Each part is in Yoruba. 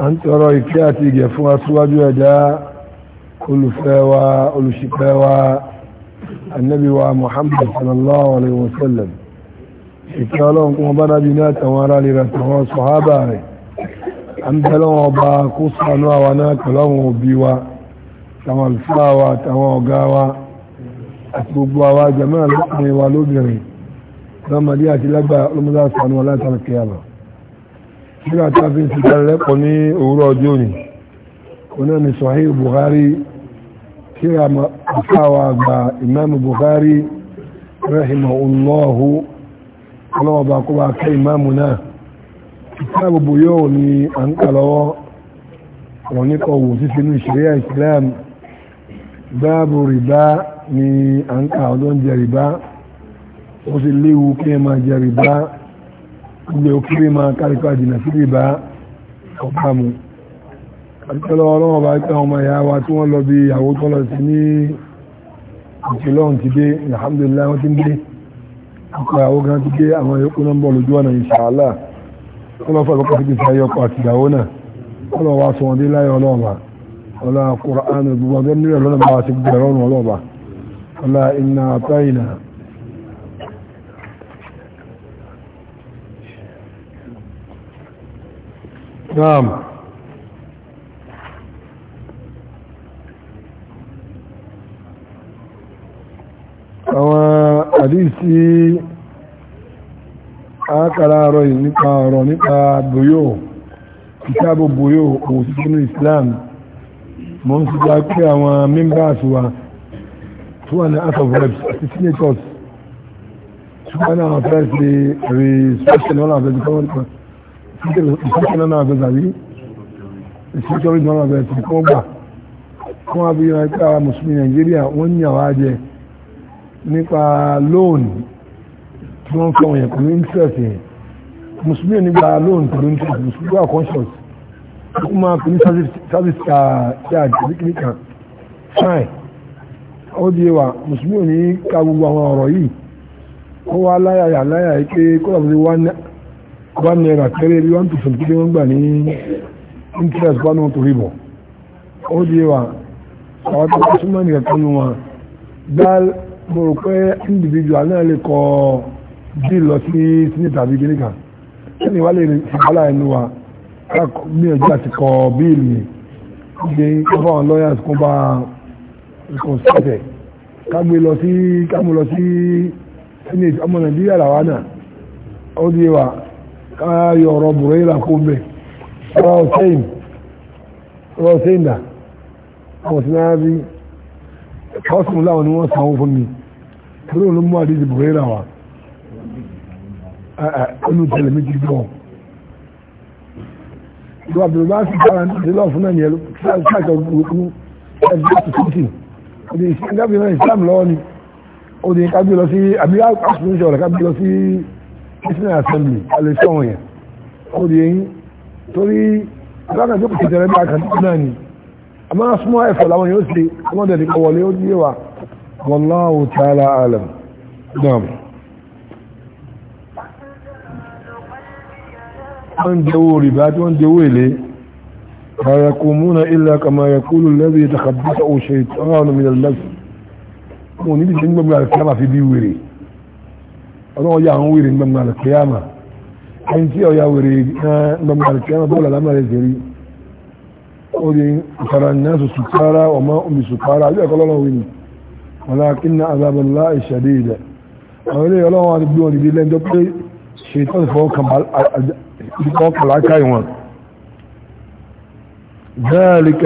a ń tọrọ ìkẹ́ àti ìgẹ̀ fún aṣíwájú ẹ̀dá olùfẹ́ wa olùṣìpẹ̀ wa annabi wa muhammad sallallahu alaihi wasallam ìkẹ́ ọlọ́run kún ọba nábi ní àtàwọn ará lè rẹ̀ tàwọn sọ̀hábà rẹ̀ a ń tẹ́lọ́ wọn ọba kó sànú àwa náà tọ́lọ́run òbí wa tàwọn àlùfáà wa tàwọn ọ̀gá wa àti gbogbo àwa jẹ́mọ́ wa lóbìnrin lọ́mọdé nígbà tá a fi ń ti dára lẹ́kọ̀ọ́ ní òwúrọ̀ ọjọ́ òní oná ni Sahih Bukhari tí a àfáwà àgbà ìmáàmù Bukhari rahimahullahu ọlọ́ọ̀bà kó bá kẹ́ ìmáàmù náà ìtàbù bò yóò ní à ń kà lọ́wọ́ ọ̀rọ̀ nípa òwò síse ní ìṣẹ̀ríà Islam báàbù rìbá ni à ń kà ọdún jẹ ó sì léwu kí ẹ máa jẹ ilé òkúrè máa kárìkọ́ àjìnà sí lè bá ọ̀pá mu àtìkọ́lọ́ ọlọ́wọ́ bá pẹ́ ọmọ ìyá wa tí wọ́n lọ bí ìyàwó tó lọ sí ní ìtìlọ́hùn ti dé alhamdulillah wọ́n ti ń dé ọkọ̀ ìyàwó gan ti dé àwọn yòókù inshallah tó lọ fọ́ ìkọ́kọ́ síbi sáyé ọkọ̀ àti ìyàwó náà ọlọ́wọ́ wa sọ wọn dé láyé ọlọ́ọ̀bà ọlọ́wọ́ Qur'an gbogbo ọdún nílẹ̀ lọ́nà bá wa ti gbẹ̀rọ̀ inna atayna نعم àwọn àdísí àákàrà àrọ̀ nípa ọ̀rọ̀ nípa bòyó ìtàbò bòyó òsìsínú Islam mọ́ sí já pé àwọn members wa tó wà ní house of reps àti senators tó wà ní àwọn fẹ́ sí rí special náà àfẹ́ ìfẹ́kẹ́lẹ́ náà bẹ̀ tàbí ìfẹ́kẹ́lẹ́ náà bẹ̀ tí kọ́ gbà kọ́ wá bí wọn kára mùsùlùmí nàìjíríà wọ́n ń yàwá jẹ nípa lóònù tí wọ́n fẹ́ wọn yẹn pẹ̀lú interest yẹn mùsùlùmí nígbà lóònù pẹ̀lú interest mùsùlùmí wà conscious ó máa pè ní service charge kìlíkà fine ó di wa mùsùlùmí ò ní ka gbogbo àwọn ọ̀rọ̀ yìí ó wá láyàyà láyàyà pé kó one naira kẹrẹ bí one percent kí wọ́n gbà ní interest one one three bọ̀ ó di wa àwọn tó kọ́ súnmọ́ nìkan kan wọn gbá mo rò pé individual náà lè kọ bí lọ sí sínú tàbí gíní kan kí ni wàá lè ṣàkálà ẹnu wa gbìyànjú àti kọ bíìlì mi gbé kọfà àwọn lawyers kó bá nǹkan sọ́tẹ̀ kágbé lọ sí kámú lọ sí senate ọmọ nàìjíríà làwọn náà ó di wa káyọ̀ ọ̀rọ̀ bùrẹ́là kó bẹ̀ ọ̀rọ̀ ọ̀sẹ́yìn ọ̀rọ̀ ọ̀sẹ́yìn dà ọ̀rọ̀ sí náà rí kọ́sùn láwọn ni wọ́n sanwó fún mi torí òun mú àdíjì bùrẹ́là wa ọ̀nù tẹ̀lé méjì gbọ́ ìlú àbúrò bá sì kára ní ìlú ọ̀fun náà yẹn káàkiri òkú ẹgbẹ́ tó tó tì ọdún ìsìnkábìnrin islam lọ́wọ́ ni ọdún ìkábìnrin lọ sí àbí àkùnrin sọ̀rọ̀ kábìnrin lọ sí national assembly alẹ́sẹ̀ wọn yẹn kò rí eyín torí alákàtúntò kò tẹ̀lé bí akàtúntò náà ni àmọ́ súnmọ́ ẹ̀fọ́ làwọn yóò ṣe wọ́n dẹ̀ nípa wọlé ó yé wa wallahu ta'ala alam náà wọ́n dẹ̀wò rìbá tí wọ́n dẹ̀wò èlé لا يقومون إلا كما يقول الذي يتخبطه شيطان من اللبس ونبي جنب بلا في بيوري ọlọ́wọ́ yà àwọn wèrè gbọmọ alìkìyàmà ẹni tí ọ̀yà wèrè eh, gbọmọ alìkìyàmà bọ́ọ̀lù alámàrẹ̀ zèrí ó di ìfara náà sọ sùkára ọmọ omi sùkára ilé ẹ̀kọ́ lọ́wọ́ wìnì ọ̀la kínà azábọ̀lá ìṣàdé ilẹ̀ àwọn ilé ọlọ́wọ́ àti gbé wọn dìde lẹ́jọ́ pé ṣètò ìfọwọ́kàlákà ìwọ̀n ذلك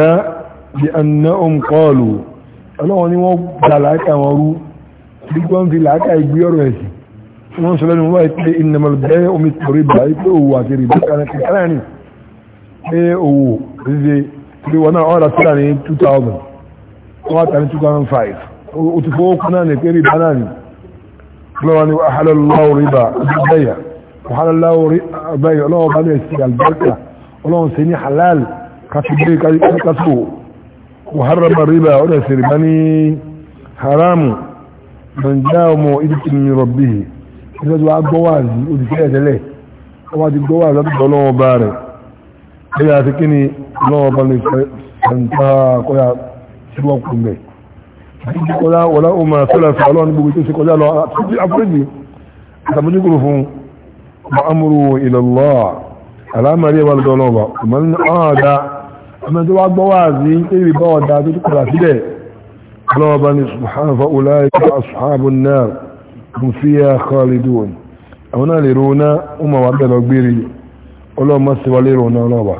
بأنهم قالوا ọlọ́wọ́ ni wọ́n gbà láàkà wọn rú bí fi láàkà ìgbé ọ̀rọ̀ ẹ̀sìn wọ́n sọ lẹ́nu wáyé pé ìnàmọ̀ bẹ́ẹ̀ omi torí báyìí pé òwò àti rìbá kàrà ní pé òwò ríze pé wọ́n náà ọ̀rà sílà ní 2000 wọ́n àtàrí 2005 ó ti fowó kún náà ní pé rìbá náà ní lọ́wọ́ ni àhálàláwò rìbá bẹ́yà àhálàláwò bẹ́yà ọlọ́wọ́ bá lẹ́sí àlùbáríkà ọlọ́wọ́n sí ní halal kásìgbé kásìgbó wàhálàmà من جاء موئدة ربه ìgbẹ́jọ wa gbọ́ wà ní olùkẹ́ ẹ̀tẹ́lẹ̀ wọ́n wá ti gbọ́ wà lọ́dọ̀ lọ́wọ́ bá rẹ̀ lẹ́yìn àti kí ni lọ́wọ́ bá lè ṣẹ̀ǹtà kọ́yà síwọ́ kùnbẹ̀ àti kọ́lá wọlá ọmọ sọ́lẹ̀fẹ̀ ọlọ́run gbogbo tó ṣe kọjá lọ àti àforíjì àtàmójúkúrò fún ma'amuru ilallah alamari wa lọ́dọ̀ lọ́wọ́ ọmọ ní ọ̀dá ọmọ tó wá gbọ́ wà ọlọ́wọ́ bá ní subhanahu wa ta'ala ashabun nar هم فيها خالدون هنا لرونا وما وعدنا لقبيري اللهم لرونا وليرونا ولابا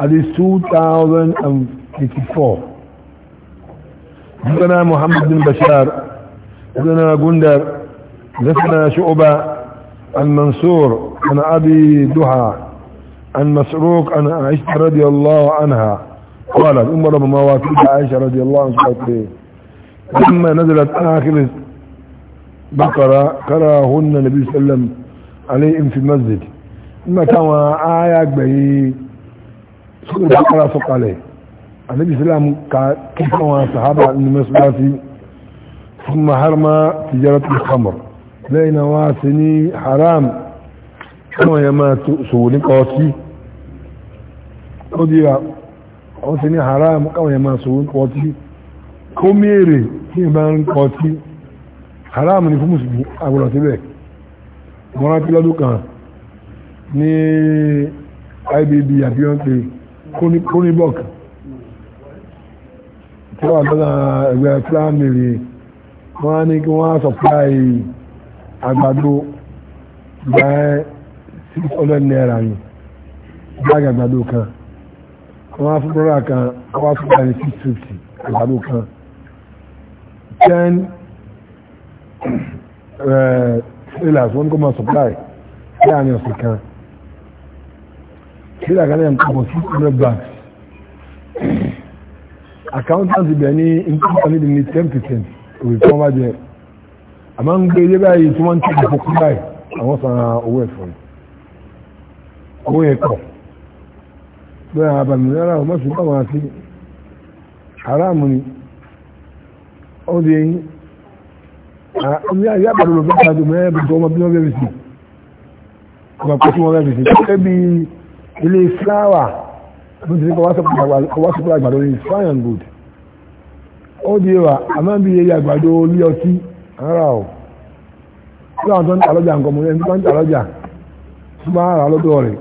هذه 2084 عندنا محمد بن بشار عندنا جندر لسنا شعبة المنصور عن أبي دحى عن مسروق عن عائشة رضي الله عنها قالت أم رب ما عائشة رضي الله عنها لما نزلت آخر بقرة كرهن النبي صلى الله عليه وسلم عليهم في المسجد ما كان آية بي سورة بقرة سوق عليه النبي صلى الله عليه وسلم كيف كان صحابة المسلاتي ثم حرم تجارة الخمر لين واسني حرام كما يما سولين قوتي قضي واسني حرام كما يما سولين قوتي kó mèrè tí ìbá ń kọ sí haram ni fún mùsùlùmí àgbọ̀nà síbẹ̀ wọ́n rántí lọ́dún kan ní ibb àti wọ́n pe kóníbọ̀k tí wọ́n àtọ́nà ẹgbẹ́ fúlàmìlì wọ́n á ní kí wọ́n á sọ̀pláì àgbàdo gba six hundred naira yìí gbáàgì àgbàdo kan wọ́n á fún bọ́lá kan wọ́n á fún bọ́lá ní six àgbàdo kan ten trailers eh, wọ́n kọ́ máa supply láàrin ọ̀sẹ̀ kan trailer kan náà ń kọ́ bọ̀ six hundred bags accountant ibẹ̀ ní nǹkan ní ní ten percent òwe tí wọ́n bá jẹ àmọ́ ń gbé ilé báyìí tí wọ́n ń tẹ̀lé fún báyìí àwọn san owó ẹ̀ fún owó yẹn pọ̀ bẹ́ẹ̀ abàmì rárá o mọ̀ sí báwọn àti haramu ni. ó di ah, tó ti wá àgbàdo ní fine good ó di bí iye àgbàdo ọtí ara ò tí àwọn tó ń tàlọ́jà nǹkan mọ́ ẹni tó ń tàlọ́jà tó máa rà lọ́dọ̀ rẹ̀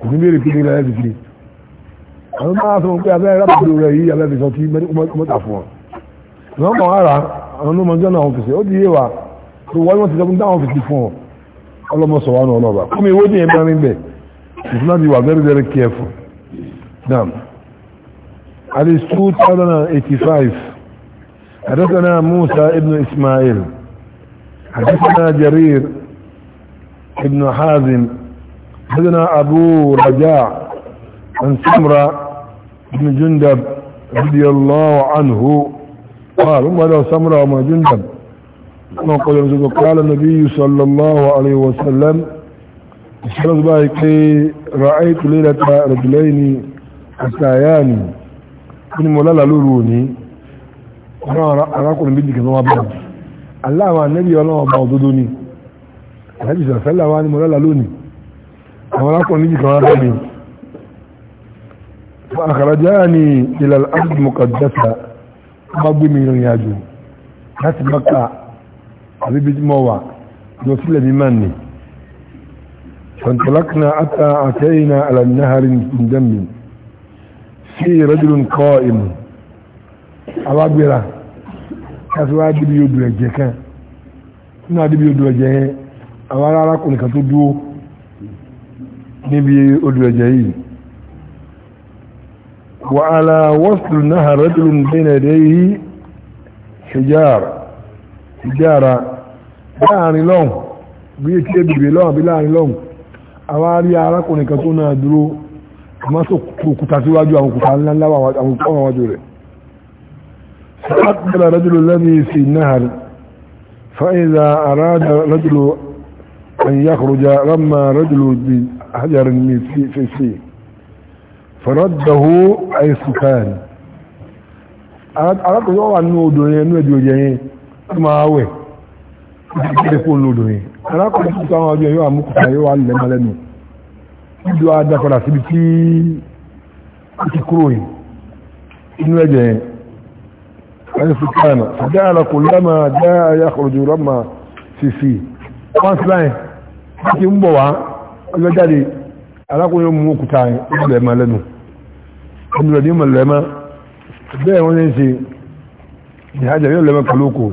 kò ní bèèrè àwọn máa sọ pé abẹ́rẹ́ rẹ̀ yìí ọtí mọ́tà fún ọ wọ́n mọ̀ ara àwọn ọmọ ọjọ́ náà wọn fèsì ó di yé wa tó wọ́n wọ́n ti dẹ́kun dáwọn fèsì fún ọ ọlọ́mọ sọ wọn ọlọ́ba kọ́mi owó ní ẹ̀mí rìn bẹ̀ ìfúnná ti wà very very careful dam at least two thousand and eighty-five حدثنا موسى ابن اسماعيل حدثنا جرير ابن حازم حدثنا ابو رجاء عن سمرة بن جندب رضي الله عنه قال هم له سمرة وما جندب قال النبي صلى الله عليه وسلم الشرط باقي رأيت ليلة رجلين أتايان من مولا لوروني أنا أقول بدي كذا ما الله مع النبي ولا ما بعضدوني النبي صلى الله عليه وسلم وأنا مولا لولوني أنا أقول بدي كذا فأخرجاني إلى الأرض مقدسة bá gbé mi rìnrìn àjò láti mọ́kà àbíbí tí mo wà sílẹ̀ mímọ́ ni فانطلقنا حتى أتينا على النهر من دم فيه رجل قائم alágbèrà káfí wá dìbí yóò dùn ẹ̀jẹ̀ kan nínú àdìbí yóò dùn ẹ̀jẹ̀ yẹn àwọn arákùnrin kan níbi odò ẹ̀jẹ̀ yìí وعلى وصل النهر رجل بين يديه حجارة حجارة láàrin lọ́hùn bí i tí ebìbì lọ́hùn bí láàrin lọ́hùn àwọn arí arákùnrin kan tó náà dúró àmásò kùkùtà síwájú àwọn kùkùtà ńláńlá àwọn ọmọwájú rẹ̀ فأقبل رجل الذي في النهر فإذا أراد رجل أن يخرج رمى رجل بحجر في فيه فرده أي سكان أردت أن أنه دوني أنه دوني ما هو يكون له دوني أردت أن أنه دوني يوم مقطع يوم علم لني ìdó adápadà síbi tí ó ti kúrò yìí inú ẹ̀jẹ̀ yẹn wọ́n ni fìkánà àjá àlàkò lọ́mà àjá àyàkọ̀rọ̀jù lọ́mà fìfì wọ́n sí láyìn wọ́n ti ń bọ̀ wá ọjọ́ jáde alákòóyìn mú òkúta ìlẹ̀ mọ́ lẹ́nu ẹni lọ́dí mọ̀ lẹ́mọ́ bẹ́ẹ̀ wọ́n ní ṣe ìhájà yóò lẹ́mọ́ kàlókò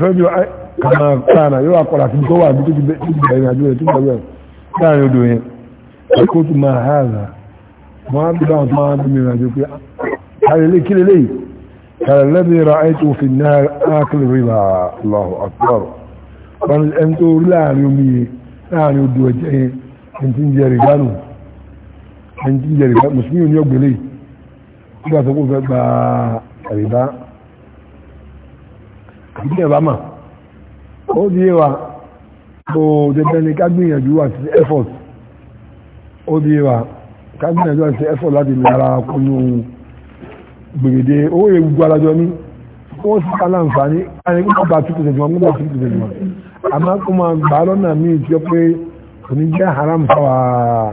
fẹ́jọ́ kàmà kààna yóò akọ̀rọ̀ àti tó wà ní tó ti bẹ̀rẹ̀ àjò rẹ̀ tó bẹ̀rẹ̀ láàrin odò yẹn kó tó máa ha àlà wọ́n á tí ń jẹ rìgánù nàìjíríà rìbá mùsùlùmí ò ní ọgbẹ̀lẹ̀ yìí nígbà tó kó fẹ́ riba. rìbá àbí ẹ̀bá mà ó di yé wa tó dẹ̀dẹ̀ ni ká gbìyànjú àti effort ó di yé wa ká gbìyànjú àti effort láti lára kúnnú gbèrèdè o yẹ gbogbo alájọ ní wọ́n sì ká láǹfààní káyọ̀ nígbà bá two percent wọn nígbà two percent wọn àmọ́ kó máa gbà lọ́nà míì tí ó pé kò ní jẹ́ haram fáwọn.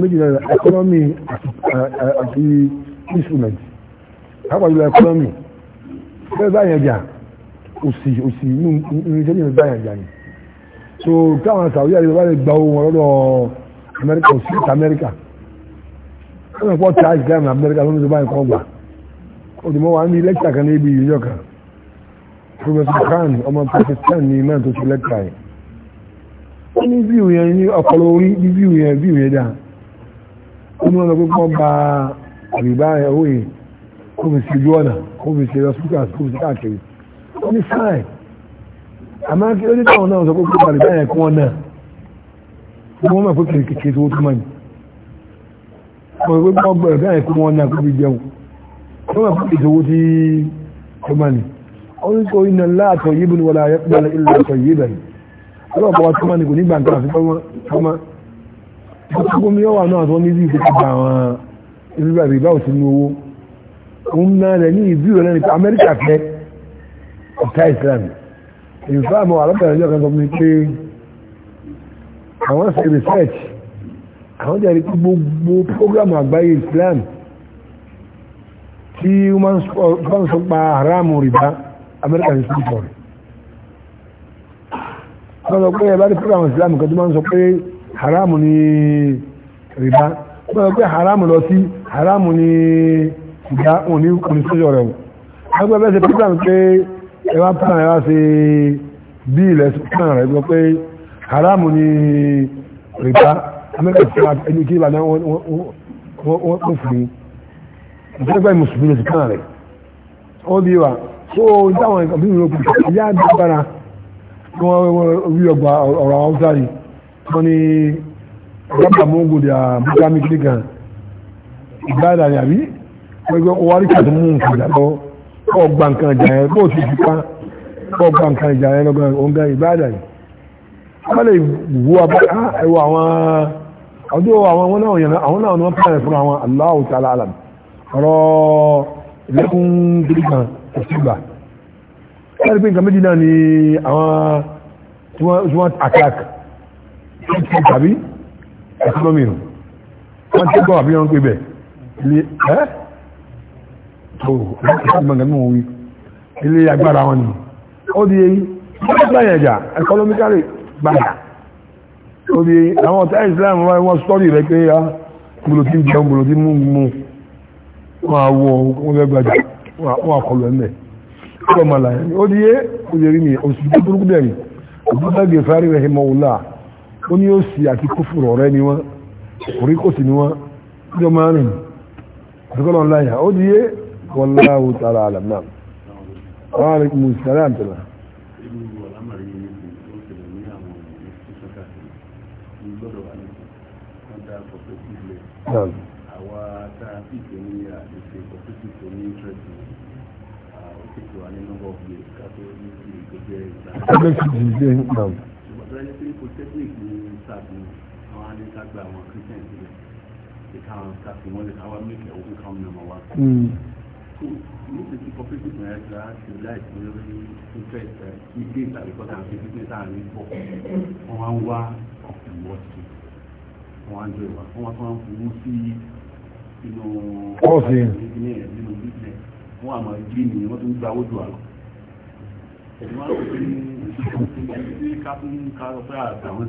méjìlá ẹkọ́nọ́mì àti instrument kápàlú ẹkọ́nọ́mì fẹ́ báyẹn jà òsì òsì inú irinṣẹ́ ní báyẹn jà ni so káwọn sàwọ́yà yóò wá lè gba ohun ọ̀rọ̀ amẹ́ríkà òsì ìta amẹ́ríkà wọ́n pọ̀ tí àìsí gáàmù amẹ́ríkà lónìí tó báyìí kan gbà òdìmọ́ wa ní lẹ́kítà kan níbi ìyọ́ kan Professor Khan ọmọ Pakistan ní imá tó ṣe lẹ́kítà yìí ó ní I yẹn ní ọpọlọ orí ní bíu yẹn bíu yẹn dáa ọmọ ọlọ́gbọ́n kan bá àbíbá ẹ̀wọ́ yìí kó fi sí ojú ọ̀nà kó fi sí hospital kó fi sí káàkiri ó ní fine àmọ́ kí ó ní táwọn náà sọ pé kó àbíbá ẹ̀ kún ọ̀nà wọ́n mọ̀ pé kìrìkìrì tó tó mọ̀ ní ọ̀rọ̀ pé wọ́n gbọ́dọ̀ bẹ́ẹ̀ kún ọ̀nà kó fi jẹun wọ́n mọ̀ pé ìṣòwò tí tó mọ̀ ní ọdún tó iná láàtọ̀ yìí bí wọ́n la yẹ gbogbo yọ́wà náà tó ní bí ìfẹ́ ti bá àwọn ìrírà ìbá òsì ní owó òun náà rẹ̀ ní ìbí ìrọ̀lẹ́ nípa amẹ́ríkà fẹ́ ọ̀tá islam ìfẹ́ àmọ́ alábẹ̀rẹ̀ ìjọ kan sọ mi pé àwọn ṣe research àwọn jẹ́ rí gbogbo prógrámù àgbáyé islam tí wọ́n sọ pa haramu rìbá amẹ́ríkà ní sílùfọ̀ rẹ̀ wọ́n sọ pé ẹ haramu ni rìbá gbọ́dọ̀ pé haramu lọ sí haramu ni ìdá òní oníṣẹ́jọ́ rẹ̀ wọ́n agbẹ́ bẹ́ẹ̀ ṣe pílàn pé ẹwà pílàn ẹwà ṣe bí ilẹ̀ pílàn rẹ̀ gbọ́ pé haramu ni rìbá amẹ́ríkà ti ra ẹni kí ìbàdàn wọ́n fún mi ìjọba mùsùlùmí lè ti pílàn rẹ̀ ó bí wa so ìdáwọn ìkàbí ìrọ̀kùn ìyá àdúgbára wọ́n rí ọgbà ọ̀rọ̀ àwọn wọ́n ni gbọ́gbà mọ́gbò dà bukami kìlìkan ìgbàdà ni àbí wọ́n gbọ́ wárí kàtí mú nǹkan ìjà lọ kọ́ gba nǹkan ìjà yẹn bó ti fi pa kọ́ gba nǹkan ìjà yẹn lọ́gbà ọ̀gá ìgbàdà yìí wọ́n lè wú abá ah, ẹwọ àwọn ọdún àwọn wọn náà yẹn àwọn náà ni wọ́n pààyàn fún àwọn Allahu ta'ala alam ọ̀rọ̀ ìlẹ́kùn kìlìkan òṣìgbà wọ́n rí pé nǹkan méjì náà ni àwọn tí wọ́n attack politics tàbí economy nù wọ́n ti gbọ́ àbí wọ́n pè bẹ̀ ilé ẹ́ tó láti ṣe ìmọ̀ gẹ́gẹ́ wí ilé agbára wọn ni ó di èyí wọ́n gbà yẹn jà economically gbàgbà ó di èyí àwọn ọ̀tá Islam wọ́n sọ́ọ̀rì rẹ̀ pé gbolo ah, ti jẹun gbolo ti mú mu wọ́n á wọ wọ́n fẹ́ gbàjà wọ́n á kọlu ẹ̀mẹ́ ó lọ́ọ́ ma là yẹn ó di èyí ó di èyí ni òsì burúkú dẹ̀ ni ó ní òsì àti kófùrù ọ̀rẹ́ ni wọ́n orí kò sí ni wọ́n jọ máa rìn àtúkọ́lọ́ láyà ó di yé wallahu wọ́n rí mú ìsàlẹ̀ àtẹ̀là Àwọn tààpì tó ní àdìsí sáàbù àwọn anìtàgbà àwọn christian sílẹ̀ ìka àwọn káfí wọn lè káwá mẹ́kẹ̀ òkú káwọn ní ọmọ wa. so níbi tí cooperative rẹ̀ ti rà sí lórí interest rẹ̀ kí dé ìtàlẹ̀ kọ́ta àti business àárín pọ̀ wọ́n wá ń wá ìwọ́sí wọ́n wá jọ ìwà wọ́n tó ń fowó sí inú ọ̀sìn nínú business wọ́n àmọ́ ìdí nìyẹn wọ́n tó ń gba owó jù àlọ́ ẹ̀dùn wọn kò sí ní ká fún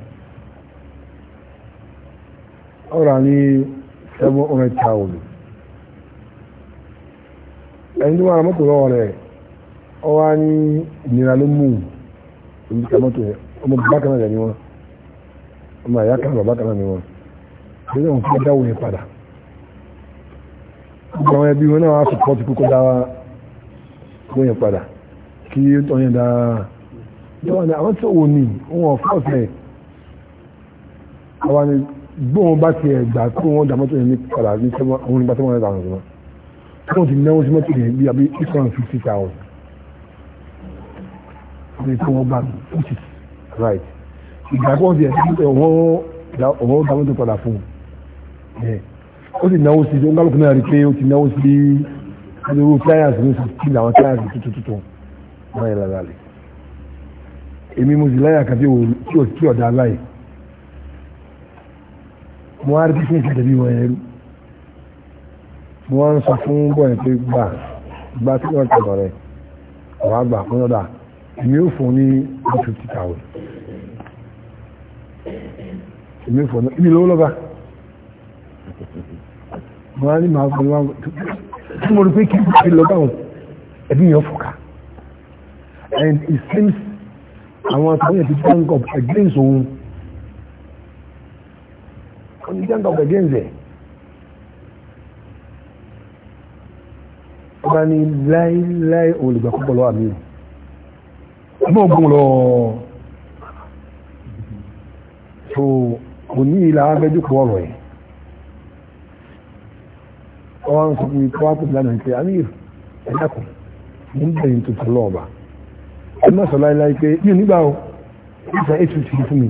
ọ̀rà ní seven hundred thousand ẹni tó wà ní mọ́tò lọ́wọ́ rẹ̀ ọ wá ní ìnira ló mú òbí ká mọ́tò yẹn ọmọ bákan náà ni wọn ọmọ àyà kan bàbá kan náà ni wọn ṣé wọn fi dáwọ yẹn padà gbogbo àwọn ẹbí wọn náà wá sọpọ́tì kókó dáwà wọ́n yẹn padà kí ó yẹn dáa yọ̀wọ̀ ni àwọn tí ò ní wọn fọ́ọ̀sì ẹ̀ àwọn ni gbóhùn bá ti ẹ̀gbà tó wọ́n dà mọ́tò yẹn ní padà ní sẹ́wọ́n àwọn onígbà tó wọ́n rẹ̀ dànù sọ́wọ́n tí wọ́n ti náwó sí mọ́tò yẹn bí abí eight hundred fifty thousand ní kí wọ́n bá which is right ìgbà tó wọ́n ti ẹ̀sìn pé òun dà mọ́tò padà fún un ó sì náwó sí ó ń kálukú náà rí pé ó ti náwó sí adúrú táyàsì ní sùkúù làwọn táyàsì tuntun tuntun wọ́n yẹ lára rẹ̀ èmi mo sì láyà kan tí ò tí ò dá láyìí mo wá rí bí kíyèsí dàbí wọn ẹrú mo wá ń sọ fún bọ́ọ̀lù pé gbà gbà tí wọ́n tẹ̀lọ̀ rẹ̀ ọ̀rọ̀ àgbà fún ọ̀dà èmi ò fún ní one fifty èmi ò fún ní ibi lówó lọ́ba mo wá ní màá fún ní one tí mo rí pé kí n fi lọ́ba wọn ẹbí yẹn fò ká and it seems àwọn akọ̀wé yẹn ti bank up against òun president of the Genzè ọba ní láíláí olùgbàkúpọ̀ a mi ọmọ ogun lọ so kò ní ilà abẹ́jú kọ ọ̀rọ̀ ẹ̀ ọwọ́ ń sọ fún mi kí wọ́n á tẹ̀lé lánàá pé amir ẹ̀dàkùn mo ń bẹ̀yìn tuntun lọ́ọ̀ba ẹ̀ má sọ láíláí pé yóò nígbà ó ìgbà ètùtù fún mi.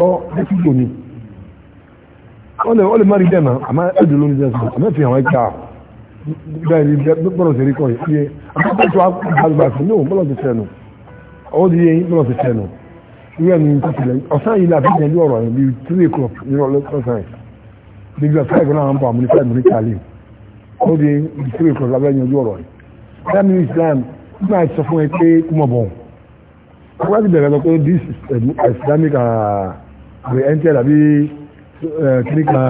lọ létí lónìí wọ́n lè má rí dẹ́nà àmá ẹ̀dùn lónìí dẹ́nà àmá fi àwọn ẹja bẹ́ẹ̀ni bọ́lọ̀ sí rí kọ́ yìí àmá tó àgbà fún ní bọ́lọ̀ sí fẹ́nu ọwọ́ di yẹn bọ́lọ̀ sí fẹ́nu irú ẹni tó ti lẹ́yìn ọ̀sán yìí láti jẹ́ ọ̀rọ̀ rẹ̀ bíi three o'clock ní ọlọ́sàn yìí nígbà five náà ń bọ̀ àmì five ní kàlí ọwọ́ di yẹn three o'clock lábẹ́ yanjú ọ̀rọ̀ rẹ̀ that means Islam nígbà sọ fún ẹ pé kúmọ̀ bọ̀ wọ́n ti bẹ̀rẹ̀ lọ pé this Islamic uh, àbí mtn àbí kíníkà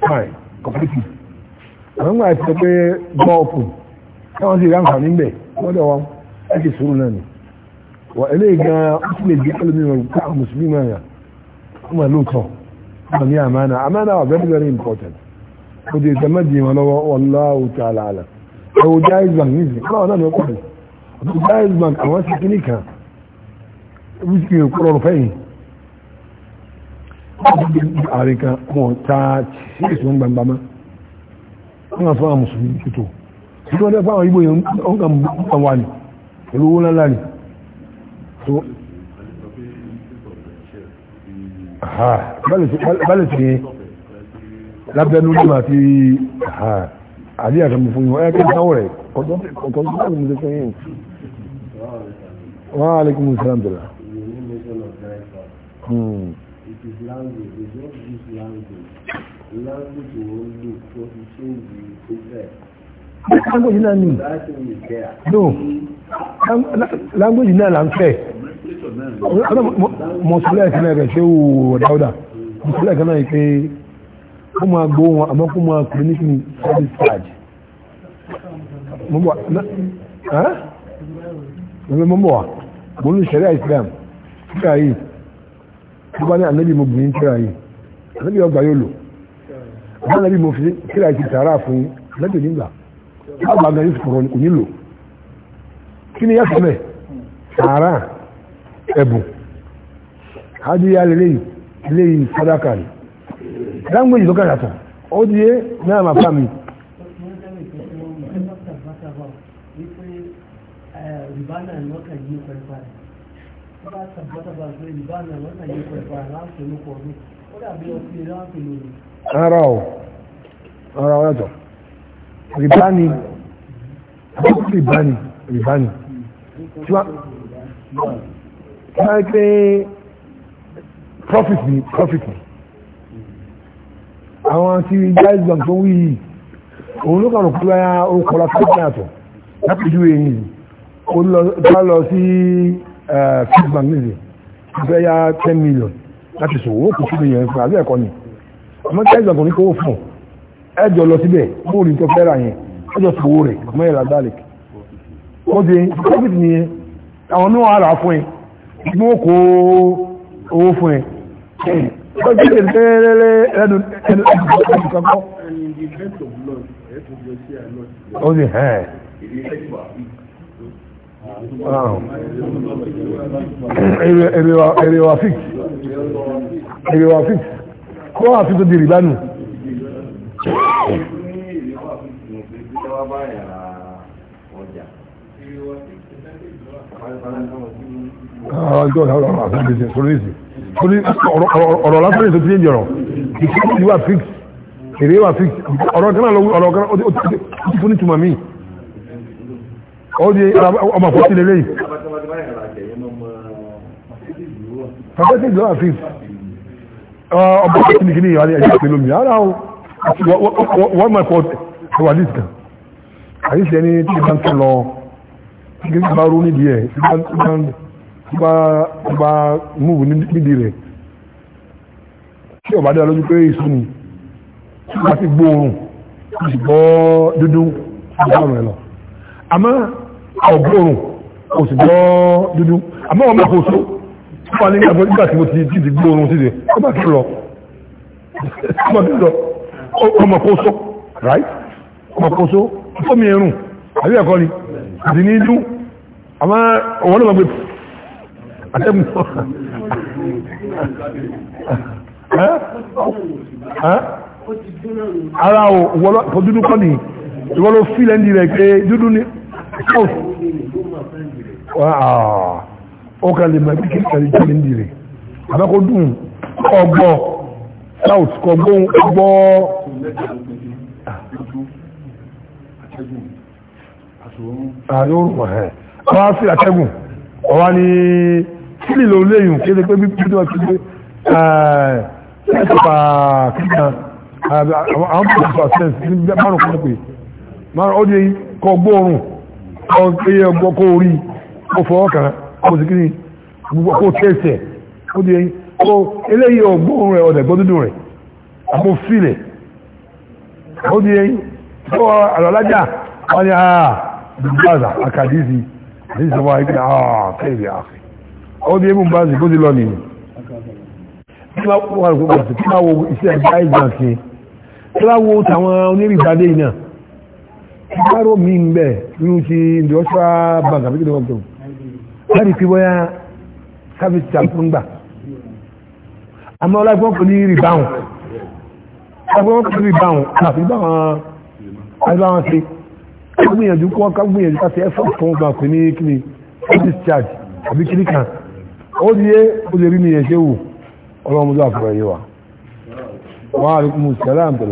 prime completely àwọn ìgbà ti sọ pé gọ́ọ̀pù káwọn sì rí àǹfààní bẹ̀ lọ́dọ̀ wọn láti sùúrù náà ni wà eléyìí gan ó sì lè jẹ́ ẹlòmíràn ká mùsùlùmí máa yà ó mà lóòótọ́ ó very very important ó di ìjọba di wọn lọ́wọ́ wallahu ta'ala àlà ẹ̀wọ̀ jaiz bank ní ìsìn káwọn náà ni ó kọ̀ ọ̀dọ̀ jaiz bank ààrẹ kan wọn ta sí ìṣòro gbangba mọ́ wọn kàn fún àwọn mùsùlùmí tuntun tí wọ́n dẹ́ fún àwọn igbó yẹn wọ́n kàn kàn wà ní pẹ̀lú owó ńlá ní. bálẹ̀ sí yẹn lábẹ́nu ní màá ti àdé àkàmù fún yìí wọ́n yá kí n sáwọ́ rẹ̀ ọ̀kọ́ it is language they just use language language wo ń lò tó fi ṣe ìwé process. language náà ni no language náà là ń fẹ́ mọ̀sílẹ̀ ìpínlẹ̀ rẹ̀ ṣé wò dáúdà mọ̀sílẹ̀ kan náà pé kó máa gbó wọn àmọ́ kó máa pè ní kí service charge. mo ń bọ̀ wá mo ń Islam kíkà yìí tó bá ní ànábì mo bùn yín tíra yìí ànábì ọgbà yóò lò bá ànábì mo fi tíra yìí tààrà fún yín ànábì nígbà àgbà gan yóò sọ̀rọ̀ kò ní lò kí ni yàtọ̀ mẹ́ tààrà ẹ̀bùn adúyà lélẹ́yìn lẹ́yìn sádàkà ni láńgbèjì lọ́kàn yàtọ̀ ó di yé náà màfà mi bá tabbata ba zai yi ba na wannan yi kwarfa na su yi kwarfi ko da biyo fi na ne. ara o ara o yàtọ̀ rìbá ni àbúkú rìbá ni profit ni profit ni àwọn tí guys bank tó ń wí yìí òun ló kàn rò pé orúkọ la fún ìpín àtọ̀ lápẹjú èyí ó lọ sí fifth magnesium ìfẹ́ yá ten million láti sòwò ó kò sí million fún àbí ẹ̀kọ́ ni àmọ́ tí ẹ̀jọ̀ kò ní kówó fún ẹ̀jọ̀ lọ síbẹ̀ ó rí tó fẹ́ ra yẹn ẹ̀jọ̀ sòwò rẹ̀ ọmọ ẹ̀rọ garlic ó di profit ni àwọn náà rà fún ẹ ṣùgbọ́n ó kó owó fún ẹ ó ti ṣe lẹ́lẹ́lẹ́ ẹnu ẹnu ẹnu kankọ́. ó di hẹ́ẹ̀ èrè wa fix èrè wa fix kọ́ àti tó di rìbá nù. Ah, ọjọ́ ìyá ọ̀rọ̀ àti ìdíje sórí ìsìn sórí ọ̀rọ̀ lásán èso tí yé jọ̀rọ̀ ìṣẹ́ ìwà fix èrè wa fix ọ̀rọ̀ kan náà lọ́wọ́ ọ̀rọ̀ kan ó ti fún ìtumọ̀ míì ó di ọmọ àpótí lélẹ́yìn. pàtẹ́sì ìlú àfin ọmọ àpótí ní kíní ìyàwó ẹ̀jẹ̀ pẹ̀lú mi ara o wọ́n máa kọ́ ẹwà ní ìsìnkà àyíṣe ẹni tí ìbá ń tún lọ kí ìbá rú nídìí ẹ̀ ìbá múùbù nídìí rẹ̀ tí ọba dára lójú pé ìsúnni láti gbóòórùn láti gbọ́ dúdú ìbá rẹ̀ lọ ọgbọ́rùn oṣù gbọ́ dúdú àmọ́ wọn mẹ́kọ̀ọ́ tó wà ní ìgbàgbọ́ nígbà tí mo ti dìdì gbóòrùn sí ìdè ọba tó lọ ọba tó lọ ọmọkóso right ọmọkóso fómi ẹrùn àbí ẹ̀kọ́ ni àti ní ìdú àmọ́ wọn náà gbé àtẹ́gùn ara ò wọ́n dúdú kọ́ ni ìwọ́n ló fílẹ̀ ń di rẹ̀ pé dúdú ni ó kàn lè máa bí kí kàrí jẹ́ ní ìrè àbẹ́kó dùn ọgbọ́ south kọ gbóhùn ọgbọ́ àyórùn ọ̀hẹ́ ọwá sí àtẹ́gùn ọwá ní sílì ló léyùn kí é pé bí bí wọ́n ti gbé ẹ̀ẹ́sọ̀pá kíkan àwọn pẹ̀lú àṣẹ́ sí márùn-ún kọ́ pé márùn-ún ó di kọ gbóhùn àwọn ẹyẹ ọgbọ́ kó orí kó fọwọ́ kàn kó sì kíni gbogbo kó tẹ̀sẹ̀ kó di ẹyin kó eléyìí ọgbọ́n rẹ̀ ọ̀dẹ̀ gbọ́dúdú rẹ̀ àpò fílẹ̀ kó di ẹyin kó àlọ́lájà wọ́n ní àà ah, bùbáàzà àkàdísì àdísì sọ́wọ́ àìkúnà àà kẹ́rì àfẹ́ ó di ẹbùn báàzì kó di lọ nìyí kí wọ́n wọ́n wọ́n ti kí wọ́n wo iṣẹ́ ẹgbẹ́ àìgbà sí kí wọ́n wo tàwọn onírìbádé náà ìgbárò mi ń bẹ̀ nínú ti industrial bank àbí kìlọ̀ ọ̀gbọ̀n láti fi bóyá service charge ń gbà àmọ́ ọlágbọ́n kò ní rebound ọlágbọ́n kò ní rebound àti báwọn àìbáwọn ṣe gbìyànjú kó wọ́n ká gbìyànjú káṣí effort fún ọgbà pè ní kíni service charge àbí kíní kan ó di yé ó lè rí nìyẹn ṣe wù ọlọ́mọdé àfọ̀rọ̀ yìí wa wàhálà kùmù sàlámù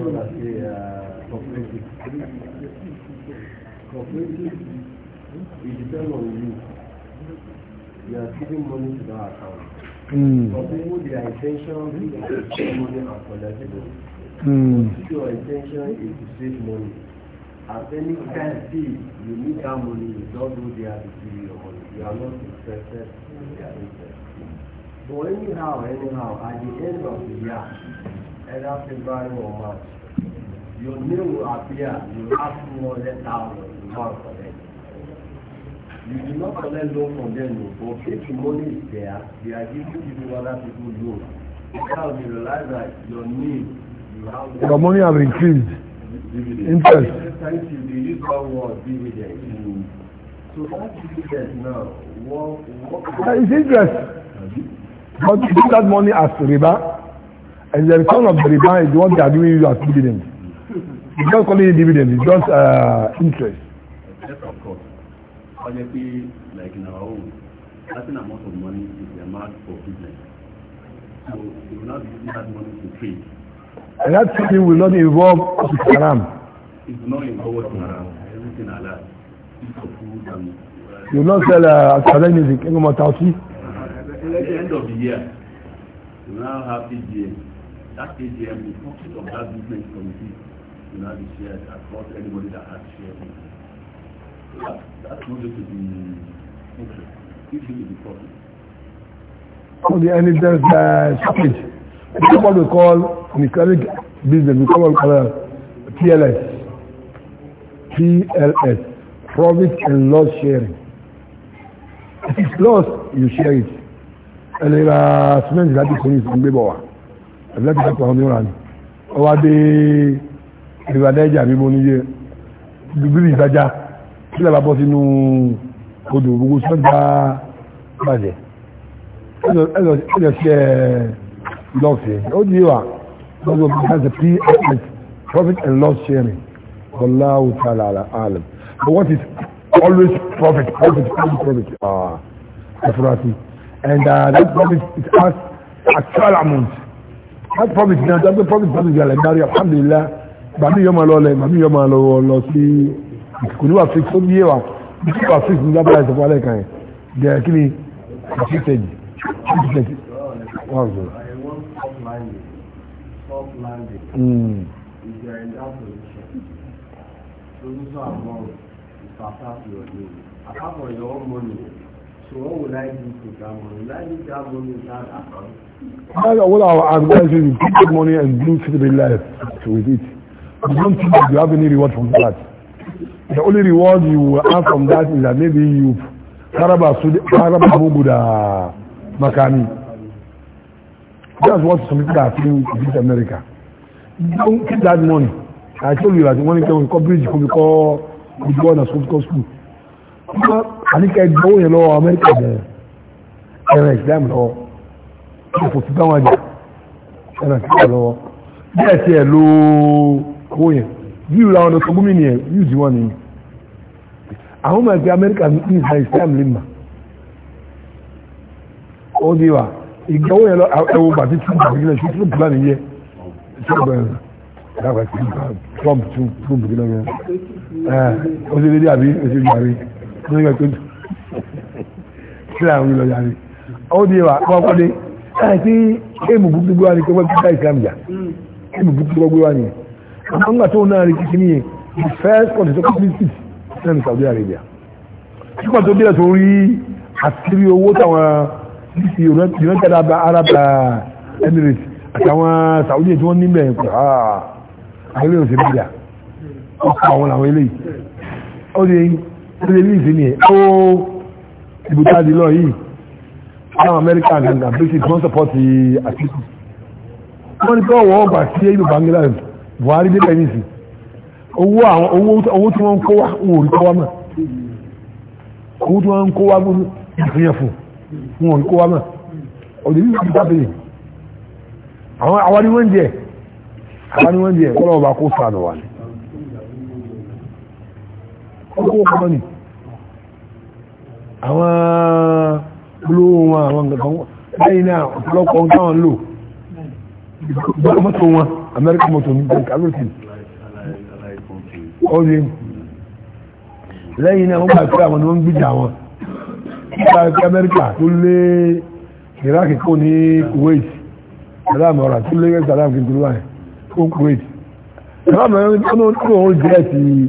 you. are giving money to that account. For people, their intention is to save money and collectible. If your intention is to save money, at any time fee, you need that money, you don't go there to You are not interested in their interest. But anyhow, anyhow, at the end of the year, either February or March. Your name will appear, you have 200,000 pounds for them. You do not collect loan from them, but if the money is there, they are giving people other people loan. Now you realize that your need, you have. Your money have increased. Interest. Thank you. They use one dividend. So that dividend now, what, what is interest? But you take that money as riba. And the return of the riba is the one they are giving you as dividend. It's not calling it dividend, it's just uh, interest. Yes, of course. Obviously, like in our own, certain amount of money is the amount for business. So we will not be using that money to trade. And that trading will not involve haram. It will not involve haram. Everything allowed. Food and, uh, you will not sell uh, Saturday music, Engomotausi. Uh-huh. At the end of the year, you now have PGA that AGM, the focus of that business committee will not be shared across anybody that has shared it. that, that's not going to be interest. It's going to be profit. On the end, there's a package. It's what we call in economic business, we call it uh, PLS. PLS, profit and loss sharing. If it's lost, you share it. And there uh, are cement that is going to be bought àbíláti kápẹ́ àwọn oníwọ̀n àná ọwá dé ìrìnàdẹ́jà mímọ́ oníyẹ bíbí ìtajà kí lè bá bọ́ sínú odò gbogbo sọ́jà bàjẹ́ ẹ̀lọ́ sí ẹ̀ lọ́ọ̀fẹ́ ó di wà lọ́gbọ̀ bí ká ṣe pfs profit and loss sharing wallahu ta'ala alam but what is always profit profit profit profit ah afurasi and uh, that profit is as actual amount health promise náà dábẹ́ promise náà yàrá ìdarí alhamdulilah bàmí yọ máa lọ lẹ bàmí yọ máa lọ lọ sí kò ní wà fix ó ní yé wa bí wà fix ní dábàá ìsọfọ alẹ́ kan yẹn jẹ́ kí ni kìí tẹ̀jì kìí tẹ̀jì wọ́n zọ. Mm. Apart from your own money, would I to That's all our advisors take money and do civil life with it. You don't think that you have any reward from that. The only reward you will have from that is that maybe you Karaba Karaba Muguda Makani. That's what some people are feeling in this America. Don't keep that money. I told you that the money can be coverage could be called, could be called a school àníkà ìgbówó yẹn lọ́wọ́ amẹ́ríkà bẹ̀rẹ̀ ẹ̀rẹ̀ ìsìlámù lọ́wọ́ òfò tí táwọn àjà ẹ̀rẹ̀ ìsìlámù lọ́wọ́ bẹ́ẹ̀ sí ẹ̀ ló kó yẹn bí ìlú àwọn ọ̀dọ́ gómìn yẹn yóò jí wọn nìyí àwọn ọmọ ẹgbẹ́ amẹ́ríkà ní ìhà ìsìlámù lè mà ó di wa ìgbówó yẹn lọ ẹwọ bàtí trump àgbẹ̀lẹ̀ sí trump láti yẹ trump ẹ̀rẹ̀ dábàá sí trump trump trump gílẹ̀ yẹn ẹ̀ ó nígbà tó dùn kí làwọn ìlọ yàrá ó di wa kọ́kọ́ dé láì tí èèmù búkú gbé wa ní kọ́kọ́ kíkà ìsìlám jà èèmù búkú gbé wa ní àwọn ìgbà tó náà rí kíkí níye the first country to complete it náà ní Saudi Arabia nígbà tó délẹ̀ tó rí àtìrí owó táwọn bíi United Arab uh, Emirates àtàwọn Saudi tí wọ́n níbẹ̀ pẹ̀lú ah, àwọn ilé òsèlú ìjà ọkọ̀ àwọn làwọn eléyìí ó release ni ó ibùtádì lọ yìí àwọn America and the British wọ́n support the Àtíkù wọ́n ní pé ọ̀wọ́ ọgbà sí ìlú Bangladesh Buhari dé bẹ́ẹ̀nìsì owó àwọn owó tí wọ́n ń kó wá wọn ò rí kó wá mà owó tí wọ́n ń kó wá gbogbo ìfìyànfò wọn ò rí kó wá mà òdì ní ìlú tábìlì àwọn awárí wọ́n jẹ àwọn awárí wọ́n jẹ wọ́n lọ́wọ́ bá kó sànù wà ní kókó ọmọ ni àwọn olówó wọn àwọn nǹkan lẹ́yìn àwọn ni gbìjà wọn nípa pé amẹ́ríkà tó lé iraq kò ní kuwait salam ọ̀rà tó lé salam kìntìlúwà kò kuwait salam ọ̀rà tó lé jẹ́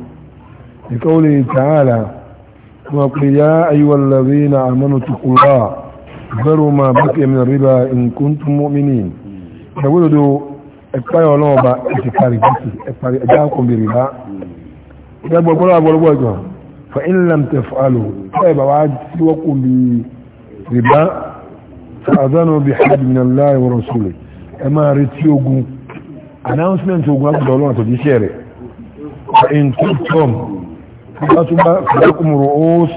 لقوله تعالى وقل يا أيها الذين آمنوا اتقوا الله ذروا ما بقي من الربا إن كنتم مؤمنين يقول دو ẹ̀páyà ọlọ́wọ́ bá ẹ̀sì parí bíkì ẹ̀parí ẹ̀dá ọkùnrin bá ìgbàgbọ́ ọgbọ́n agbọ́lọ́gbọ́ ẹ̀gbọ́n fa in lam taf'alu fún ẹ̀bà wá sí wọ́kùn bí rìbá fa'adhanu bi hajj min Allahi wa rasulihi ẹ máa retí ogun announcement ogun agbọ́dọ̀ ọlọ́run àtọ̀jíṣẹ́ rẹ̀ fa in tuftum أتبع لكم رؤوس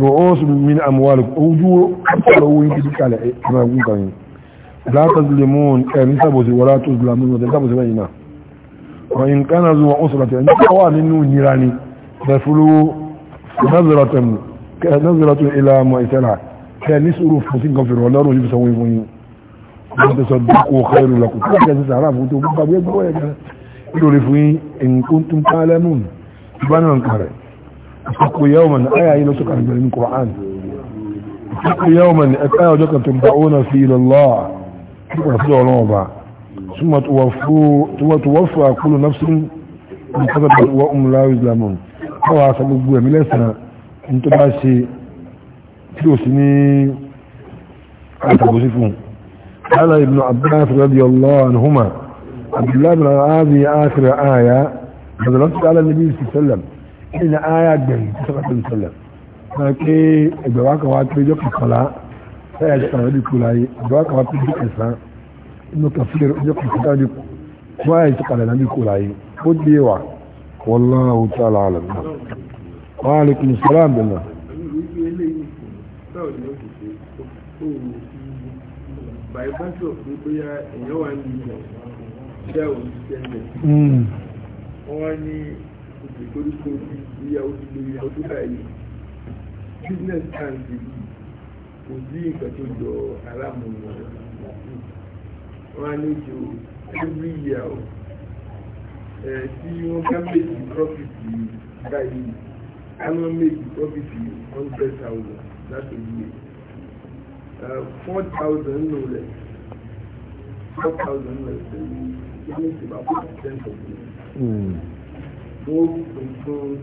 رؤوس من أموالكم أوجو أروين كذلك على ما يقول كان لا تظلمون كان يسابوزي ولا تظلمون ولا يسابوزي بينا وإن كان ذو أسرة أن يقوى منه نيراني ففلو نظرة نظرة إلى ما يسلع كان يسألوا فسين كفر ولا رجل يسوي فين وتصدقوا خير لكم كيف يسألوا فتوبوا بابا يقول لك إن كنتم تعلمون bana man kare ku yawman aya yi nasu kan garin qur'an ku yawman aya da kan tumbauna fi ilallah ku rafu da wannan ba summa tuwaffu tuwa tuwaffa kullu nafsin bi kasabat wa um la yuzlamun kawa ta gugu mi lesana in to ba se ti o si ni atabosi fun قال ابن عباس رضي الله عنهما عبد الله بن عازي آخر آية نزلت على النبي صلى الله عليه وسلم إن آيات جاي صلى الله عليه وسلم فكي إجواك واتري جوك الصلاة فأجت النبي كلاي إجواك واتري جوك الصلاة إنه كفير جوك الصلاة جوك وأجت قال النبي كلاي خد بيوا والله تعالى أعلم وعليكم السلام بالله by virtue of the prayer, you know, and you know, wọ́n ní ìgbèkóríkó bí ìyàwó ti lórí ọdún báyìí business plan ti bí kò sí nǹkan tó jọ aráàmù wọn wọ́n á ní jù every year ẹ̀ tí wọ́n bá méjì profit báyìí àwọn méjì profit hundred thousand láti yìí four thousand nù rẹ̀ four thousand nù rẹ̀ sẹ́yìn wọ́n ní ìgbà four percent of it wọ́n fún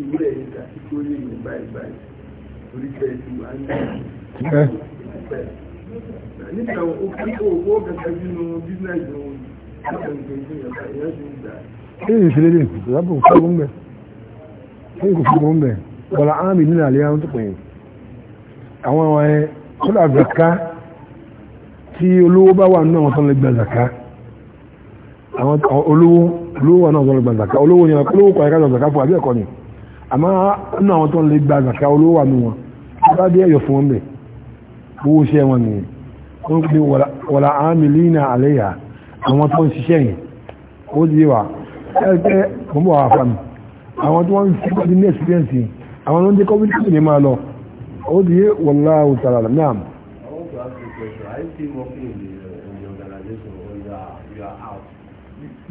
ilé ìta tí kò lè ní báyìí báyìí oríṣẹ́ ti wà ní ìpẹ́ nípa òkú owó kẹta nínú bísínẹ́sì wọn láti ìgbè fún ìyàtọ̀ ìyá ti ń gbà. kí ni ìṣẹ̀lẹ̀ lè kùtù lábò fún ọmọ mẹ́ kí ni kò fún ọmọ mẹ́ wọ́n àmì nínú àlẹ́ àwọn tó pè é àwọn àwọn eh, ẹ̀ kódà zaka tí olówó bá wà nínú àwọn tó lè gba zaka àwọn olówó olówó náà sọ lè gba zaka olówó yẹn olówó kọ̀ ẹ̀ka zaka fún ẹ̀kọ́ ni àmọ́ nínú àwọn tó ń lè gba zaka olówó wọn fún wọn bẹ̀ owó iṣẹ́ wọn nìyẹn àmì àléyà àwọn wa ẹgbẹ́ mọ́ bọ̀ mi àwọn tó ń ní experience àwọn ń covid ni máa lọ ó di wọ̀là òtàlà náà. a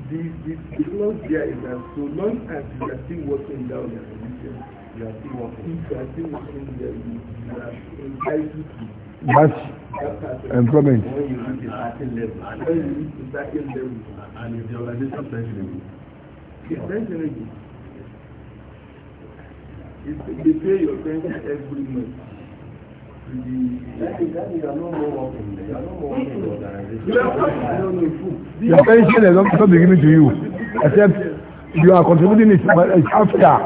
the, the, the there is that so long as you are still working down your religion, you are still working. you are still working there, you, are entitled to much employment. When you reach the starting level, when you reach the starting level, and if the organization pension, the pension is they pay your pension every month. Your pension is not given to you, except you are contributing it after. After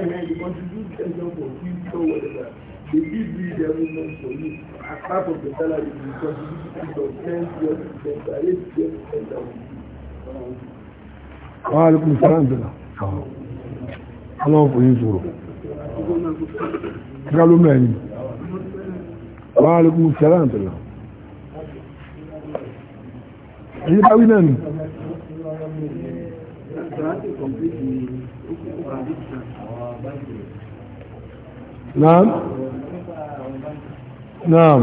you contribute for future they give you the every kíkáló mẹ́rin wàhálùkú sẹ́láǹtìlá èyí bá wí náà ni Naam. Naam.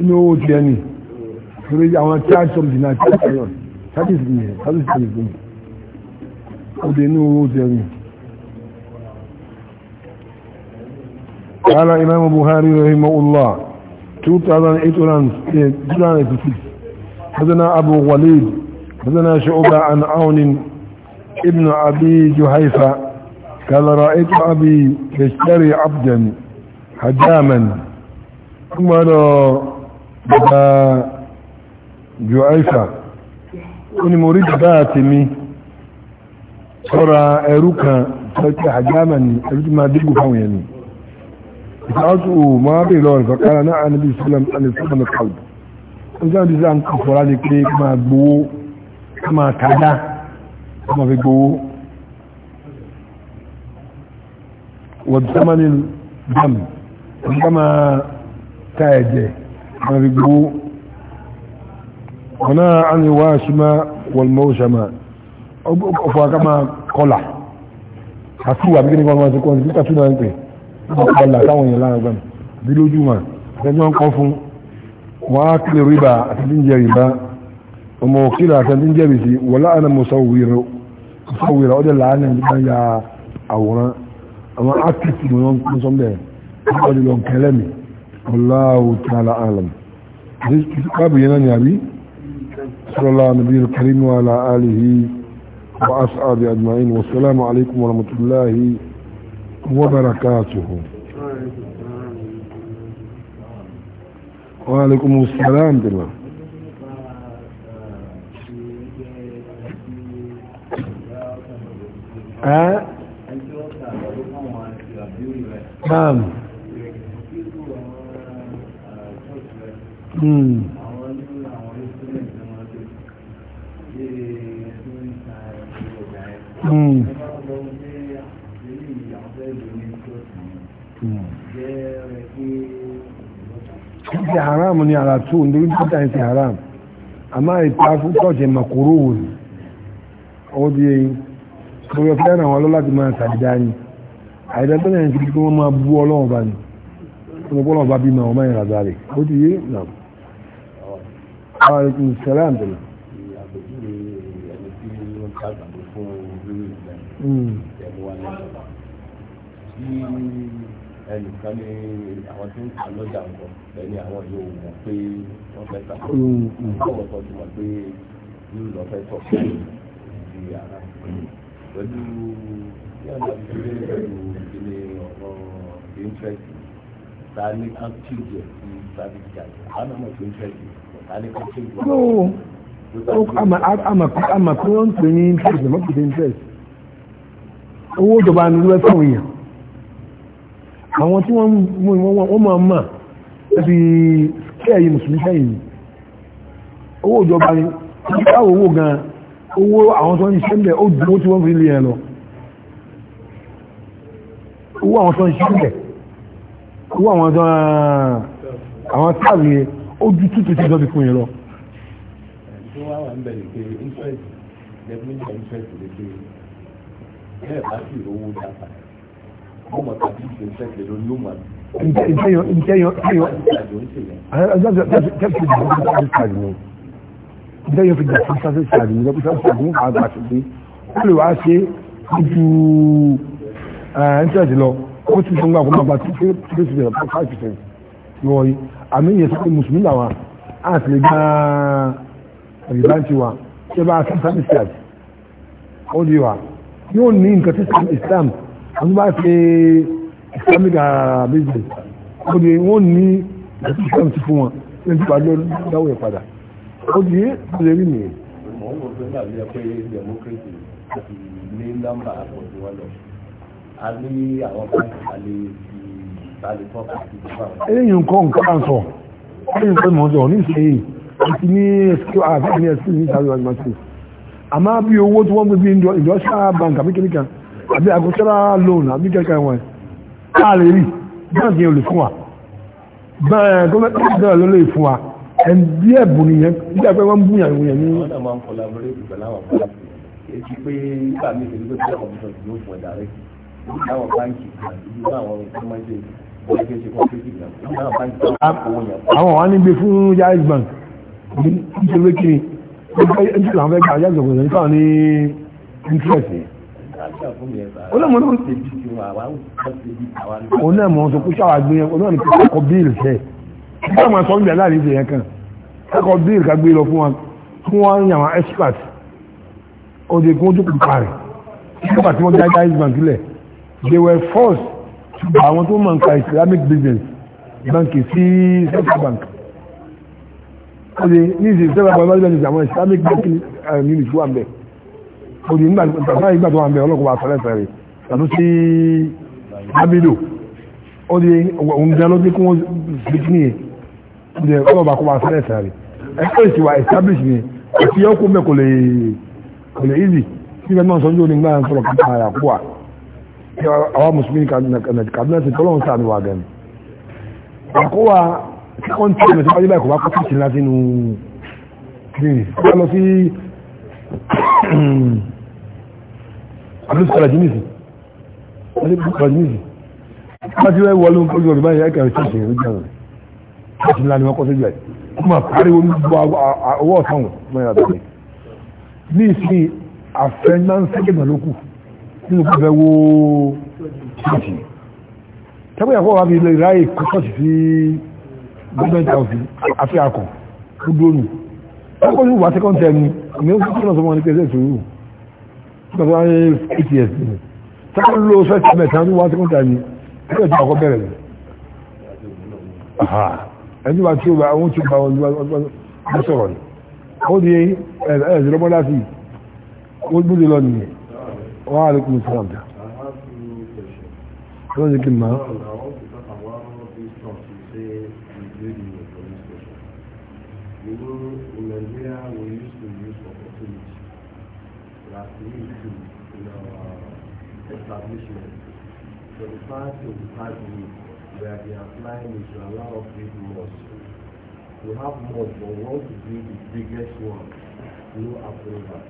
ní owó tiẹ̀ ni torí àwọn charge something náà charge iron charges ni ẹ̀ charges ni ẹ̀ قال إمام بخاري رحمه الله 2856 حدنا أبو غليل حدنا شعوبة عن عون ابن أبي جهيفة قال رأيت أبي يشتري عبدا هداما ثم bàbá juaifa ó ní mo rí bàbá àti mi sọ́ra ẹrú kan tọ́jú àjámà ní ẹrú tí máa dígbò fáwọn yẹn ni ìfàásù máa bèèrè lọ́rùn fàkàrà náà níbi ìsìlẹ̀m alẹ́sìlẹ̀m kàlù ó jẹ́ àdìsí à ń kà ní pé ká máa gbowó ká máa tàdá ká máa fi gbowó wọ́n ti sámánì ta ẹ̀jẹ̀ حرقوا ونهى عن الواشمة والموشمة فكما قلع àtúwà bí nígbà wọn ti kọ́ títà tún náà ń pè ọ̀pọ̀lá táwọn èèyàn lára gbọ́n bí lójúmọ̀ ẹjọ́ ń kọ́ fún wọn á kílè rìbá àti díjẹ rìbá ọmọ òkìlà àti díjẹ bìsì wọlá àna mọ̀sáwìrò mọ̀sáwìrò ọdẹ làánà nígbà ya àwòrán àwọn ákìtì ni wọ́n ń sọ bẹ́ẹ̀ ọdẹ lọ́nkẹ́lẹ́mìí والله تعالى أعلم قابل ينان يا أبي صلى الله على النبي الكريم وعلى آله وأصحابه أجمعين والسلام عليكم ورحمة الله وبركاته وعليكم السلام بالله آه؟ نعم Hmm. Hmm. Hmm. ṣe haram ni ara tó ní ìpítà ṣe haram àmá ìta fún tọ́jẹ̀ makoro wò ní ọdí ẹyìn tó yọ fẹ́ràn àwọn ọlọ́láti máa sàdídá ní àìdá tó yẹn ti kí wọ́n máa bú ọlọ́wọ́ bá ní ọlọ́wọ́ bá bí ma ọmọ ìrànlọ́rẹ̀ ó ti yé náà Aleykum salaam bẹ̀rẹ̀. Àpèjúwe ẹni tí ó ń ṣàgbàdo fún orí ìgbà ẹ̀rọ wa lẹ́nu. Tí ẹnìkan ní àwọn tí ń ta lọ́jà ń bọ̀ lẹ́ni àwọn yóò mọ̀ pé wọ́n fẹ́ ta. Báwo kan ti mọ̀ pé yóò lọ fẹ́ tọ̀ sí ti ara. Pẹ̀lú yàrá ìdílé pẹ̀lú ìdílé ọ̀rọ̀ interest ta ní active yẹ̀ sí service charge. Àwọn ọmọ tó interest yìí àmà pé wọ́n ń pè ní interest àmà pè ní interest owó ìjọba ni ló fún èèyàn àwọn tí wọ́n mú wọ́n máa mà láti kẹ́ẹ̀yì mùsùlùmí kẹ́yìn ni owó ìjọba ni káwọ̀ owó gan owó àwọn tó ń ṣe ń bẹ̀ ó dúró tí wọ́n fi lè ẹ̀ lọ owó àwọn tó ń ṣe ń bẹ̀ owó àwọn tó ń àwọn táàbì ojú tó tó ti dọ́bi fún yẹn lọ. tó wá wà ń bẹ̀rẹ̀ pé interest definition interest lè pe bẹ́ẹ̀ bá sì rówó dáta mo mọ̀ tàbí ìṣe interest lè lórí yóò mọ̀ ntẹyọ ntẹyọ ntẹyọ ntẹyọ fi gbàtí sáfẹ́ sàrì ní ọkùnrin sáfẹ́ sàrì ní àgbà tó dé ó lè wá ṣe ojú ẹ̀ ń tẹ̀sí lọ ó ti sọ ń gbà kó máa gbà tó tó ti bẹ̀rẹ̀ fún five percent lọ́wọ́ yìí àmì yẹn sọ́kùn mùsùlùmí làwọn á sì lè gbá rìbáǹtì wa ṣé bá islam islam ó di wa yóò ní nǹkan tí islam àwọn bá ṣe islamic ah, business ó di wọ́n ní nǹkan islam ti fún wọn ní ti pàdé dáwọ́ ẹ̀ padà ó di ó lè rí nìyẹn. mo ń wò pé dàbí ẹ democracy àti ní nọ́mbà àpọ̀jù a ní àwọn kan àlè eléyìí nǹkan nǹkan sọ eléyìí nǹkan mọ̀ sọ ní ìṣẹ́yìn àti ní ẹ̀sìkò àti ní ẹ̀sìkò ní ìṣàlùwà ìgbà sí àmá bí owó tí wọ́n gbé bí industrial bank àbí kìnnìkan àbí agricultural loan àbí kẹ́kẹ́ wọn káà lè rí náà ti olè fún wa bẹ́ẹ̀ gómìnà bẹ́ẹ̀ ló lè fún wa ẹ̀ndí ẹ̀bùn nìyẹn bí àpẹ́ wọ́n ń bú yàn wòyàn ní. wọ́n náà ń collaborate àwọn wà ní gbé fún jaiz bank nítorí kí ní ìlànà fẹ́ gbà jaiz bank ní fáwọn ní interest òun náà mọ̀ sọ pé ṣáwà gbé yẹn òun náà ní pé kọ́kọ́ bíìlì fẹ́ kí wọ́n máa sọ ń bẹ̀ láàrin ìṣẹ̀yẹn kan kọ́kọ́ bíìlì ká gbé lọ fún wọn fún wọn ní àwọn expert òde kí wọ́n jókòó parẹ̀ nígbà tí wọ́n já jaiz bank lẹ̀ they were forced àwọn tó mọ̀ nǹkan islamic business banki sí central bank ó lè ní ìsìn central bank lọ́dún ìsìn àwọn islamic banking eh, unit wà ń bẹ̀ ó lè nígbà tàbí ìgbà tó wà ń bẹ̀ ọlọ́kùnrin àfẹ́lẹ́fẹ́ rẹ̀ tàbí sí abido ó lè òun gan lọ́dún kí wọ́n fi kí nìyẹn ó lè ọlọ́ba kó wà àfẹ́lẹ́fẹ́ rẹ̀ ẹgbẹ́ ìsìn wa establish ni àti yẹ́kùn bẹ́ẹ̀ kò lè easy sí ìgbà náà sọ́jú onígbà ń sọ̀rọ̀ kápá àyàkúwà àwọn mùsùlùmí kàdúnà sí tọ́lọ́run sáà ní wà gan àkówà tí wọ́n tí ẹ̀mẹ̀ tí wọ́n yíbáyìí kò bá kó sí ìsinlá sínú clinic wọ́n lọ sí abdulkala jimisi wọ́n ti wọ́n wọlé ojú ọ̀rọ̀ báyìí ẹ̀kẹ́ rẹ̀ ṣẹ̀ṣẹ̀ rẹ̀ jẹun ṣẹ̀ṣẹ̀ ńlá ni wọ́n kọ́ sí ìgbà yìí wọ́n pariwo owó ọ̀sán wọn ní ìsìn àfẹ́ńdán sẹ́kẹ̀dà ló kù nínú pẹ̀lẹ̀ wo ṣíkì tẹ́gbẹ̀ ẹ̀kọ́ wà bí ilẹ̀ ìráyè kọ́sọ̀tì sí gọ́ọ̀mẹ́ntì àwọ̀sí àti àkọ̀ tó dónù ẹ̀kọ́ ní wà sẹ́kọ́ntì ẹni àmì ó kí náà sọmọ ní pẹ̀lẹ̀ sòrò nígbàtí wọ́n ní ats ni tẹ́kọ́ ló fẹ́sì mẹ́ta ní wà sẹ́kọ́ntì ẹni pẹ̀lẹ̀ tó àkọ́ bẹ̀rẹ̀ ẹni wà tí ó bá àwọn tí ó bá wọn sọ̀rọ̀ ni ó di ẹ̀ẹ́dẹ̀rọ̀mọ́lá sí ó gbúdé lọ nìyẹn Wa alaikum salam ta. Tó ń zikin máa. You know, in we used to use opportunity. Like we used in our establishment. So the fact of the fact where they are flying is to allow us to We have mosques, but we want to be the biggest one. No approval.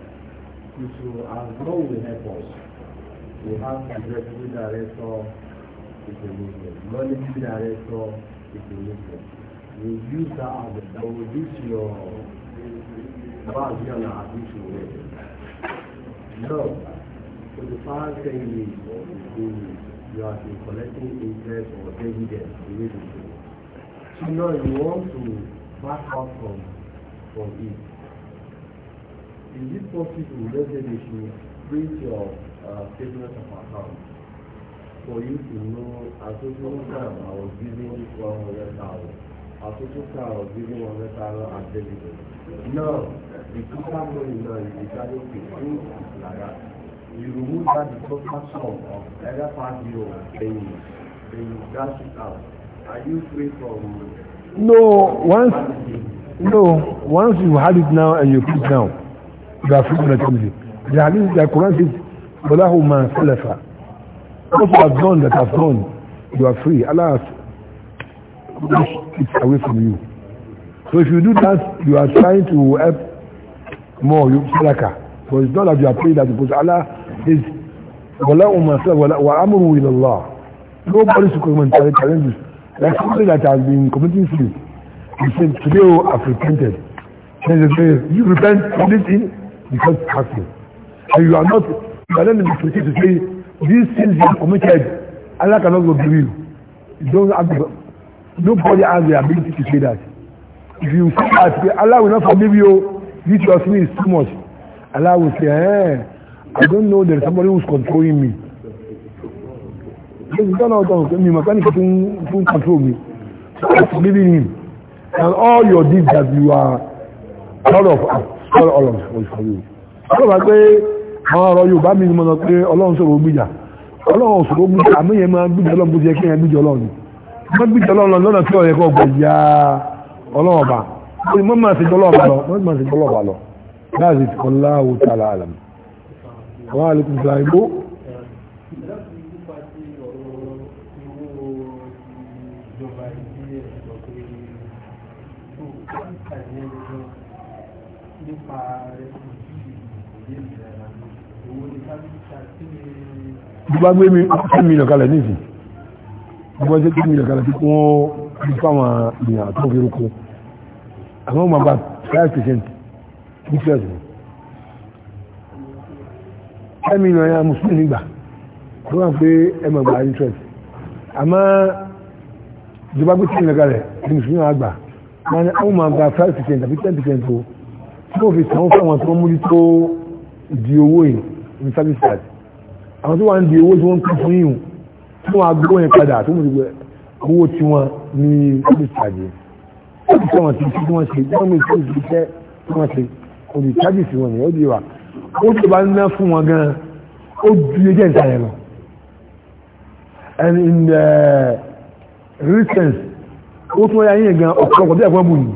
If you are no will help us, we have executive director is a Muslim, monetary director is a Muslim. We use that as a double. This your bad girl this way. No. So the final thing is, you are collecting interest or dividends related to it. So now you want to back up from, from it is it possible that they should print your uh, statement of account for you to know at total time I was giving one hundred thousand at total time I was giving one hundred thousand and delivery No, the total money now is decided the print it like that you remove that the total sum of every five euro then you then you dash it out are you free from. no once no once you had it now and you put down. ذا فلنا تمزي يعني ذا قرآن سيس وله ما سلف also have done that have done you are free Allah it away from you so if you do that you are trying to help more you sadaka so it's not that you are praying that because Allah is ولا ما سلف ولا وأمره إلى الله nobody should come and like somebody that has been committing sin you say today oh, I have repented then you say you repent from this thing because it's happening. And you are not, you are not in the position to say, these sins you have committed, Allah cannot forgive you. You don't have to, nobody has the ability to say that. If you say that, Allah will not forgive you, this your sin is too much. Allah will say, eh, I don't know, there is somebody who is controlling me. Because God knows me, mechanic who control me. So I'm forgiving him. And all your deeds that you are proud of, kọ́lọ̀ ọlọ́run òṣèlú ọlọ́run bá pé àwọn ọ̀rọ̀ Yorùbá mi ni mo sọ pé ọlọ́run sọ̀rọ̀ gbìjà ọlọ́run sọ̀rọ̀ gbìjà àmúyẹ máa gbìjà ọlọ́run bó ti yẹ kí yẹn gbìjà ọlọ́run wọ́n gbìjà ọlọ́run lọ́nà tí ọ̀yẹ́ kọ́ gbìjà ọlọ́run ọba mo máa ṣe jọlọ́ ọba lọ mo máa ṣe jọlọ́ ọba lọ láti kọ́ láwùtà láàlám wàhálà kùsà ìbò gbogbo gbé mi ten million kalẹ̀ nísì gbogbo ṣe ten million kalẹ̀ tí wọ́n fi fáwọn èèyàn tó fi rúkọ àwọn ọmọ bá five percent six percent ten million yẹn mùsùlùmí nígbà tó wà pé ẹ mọ̀ gba interest àmọ́ ìjọba gbé ten million kalẹ̀ ní mùsùlùmí àgbà wọn ni àwọn ọmọ bá five percent àbí ten percent o tí wọ́n fi sàn fún àwọn tó ń mójútó di owó yìí ní service charge àwọn tó wà ń di owó tí wọ́n ń kọ́ fún yìí tí wọ́n agbó yẹn padà tó mú ìgbẹ́ owó tí wọ́n ní olùtajà láti fẹ́ wọn ti fi tí wọ́n ṣe wọ́n mú ìṣe ìṣiṣẹ́ tí wọ́n ṣe olùtajà sí wọn ni ó di wa ó ti bá ná fún wọn gan ó ju ẹjẹ́ ìta yẹn lọ and in the recent ó tún wáyé yẹn gan ọ̀pọ̀lọpọ̀ bí ẹ̀fọn bù ní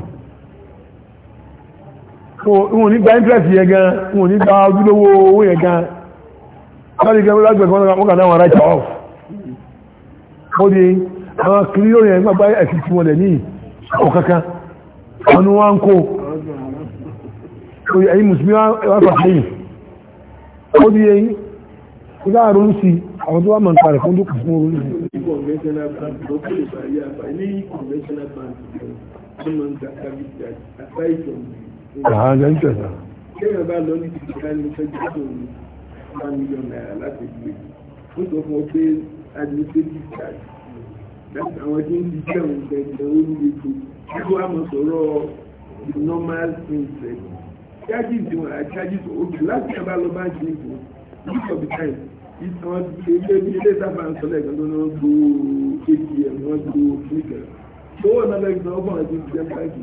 wọn ò ní gba interest yẹn gan wọn ò ní gba ojúlówó owó yẹn gan káàdì gẹ́gẹ́ lágbẹ̀ẹ́ wọ́n off ó di àwọn kìlíò yẹn gbàgbá ẹ̀sìn tí wọ́n lẹ̀ ní ọ̀kankan wọn wá ń kó oye ẹ̀yìn mùsùlùmí wá fà sí ó di ẹ̀yìn ìgbà àrùn sí àwọn tó wà mọ̀ nípa rẹ̀ fún dúkù fún orí Àwọn ìjọ ìjọ ìjọ. bá lọ ní ti five million naira láti gbé wọ́n sọ fún ọ pé administrative charge láti àwọn tí ń ṣiṣẹ́ àwọn ìgbẹ̀gbẹ̀ olúwe tó kí wọ́n mọ̀ sọ̀rọ̀ the normal interest charges wọn are charges òkè láti ẹ̀ bá lọ bá ṣe ìbò most of the time àwọn ilé bí ilé sábà ń sọ lẹ́ẹ̀kan tó náà gbowó atm wọ́n gbowó fúnìkẹ̀ tó wọ́n náà lẹ́gbẹ̀ẹ́ ọgbọ̀n àti ìjẹun báyìí.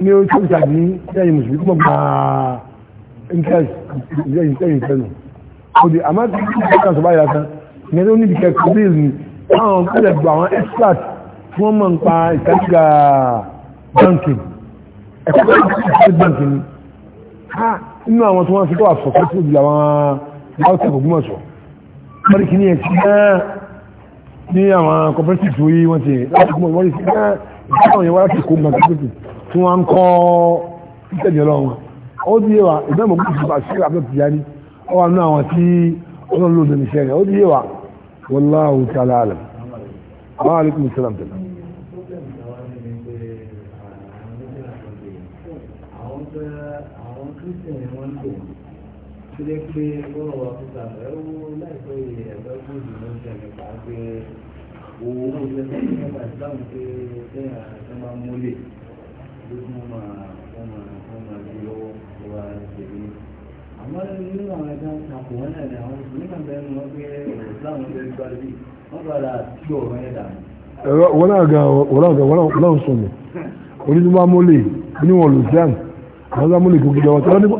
ní ó tún tàbí lẹ́yìn mùsùlùmí kúmọ̀ gba interest lẹ́yìn lẹ́yìn fẹ́nu òdì àmá tí ó tún kà sọ́bá yàtọ̀ ìyẹn tó níbi kẹ́kọ̀ọ́ bí ìlú àwọn kẹ́lẹ̀ gbọ́ àwọn expert tí wọ́n mọ̀ ń pa ìtàkìgà báńkì ẹ̀kọ́ tó ti ṣe báńkì ni inú àwọn tí wọ́n fi tó wà sọ̀kọ́ tó di àwọn láwùsẹ̀ Ògbómọ̀ṣọ́ wọ́n kì ní ẹ̀ sí náà ní àwọn cooperative tó yí wọ́n ti láti gbọ́n wọ́n ti sí náà ìtàkùn yẹn wá láti kó gbàgbé tí wọ́n ń kọ́ ìtẹ̀jẹ̀ lọ wọn ó di yé wa ìbẹ́mọ̀ kú ti àṣírí àbẹ́ Tijani ó wà nínú àwọn tí ọlọ́run ló dẹ̀mí sẹ́rẹ̀ ó di yé wa wallahu ta'ala alam wa alaikum salam tẹ̀lé. ṣe pé bọ́lá wa fún ta láìpẹ́ ẹ̀rọ táwọn ẹgbẹ́ ń takò wọn náà ní àwọn nígbà bẹ́ẹ̀ ni wọ́n gbé láwọn ẹgbẹ́ gbà lórí wọ́n padà tú ọ̀rọ̀ yẹn dànù. ẹ̀rọ wọn náà gan wọn náà gan wọn náà sọ̀nù onídùúgbà mọ́lẹ̀ oníwọ̀n lùsíàn àwọn ọ̀dọ́ mọ́lẹ̀ kò gbìyànjú ọ̀tọ́ nípa.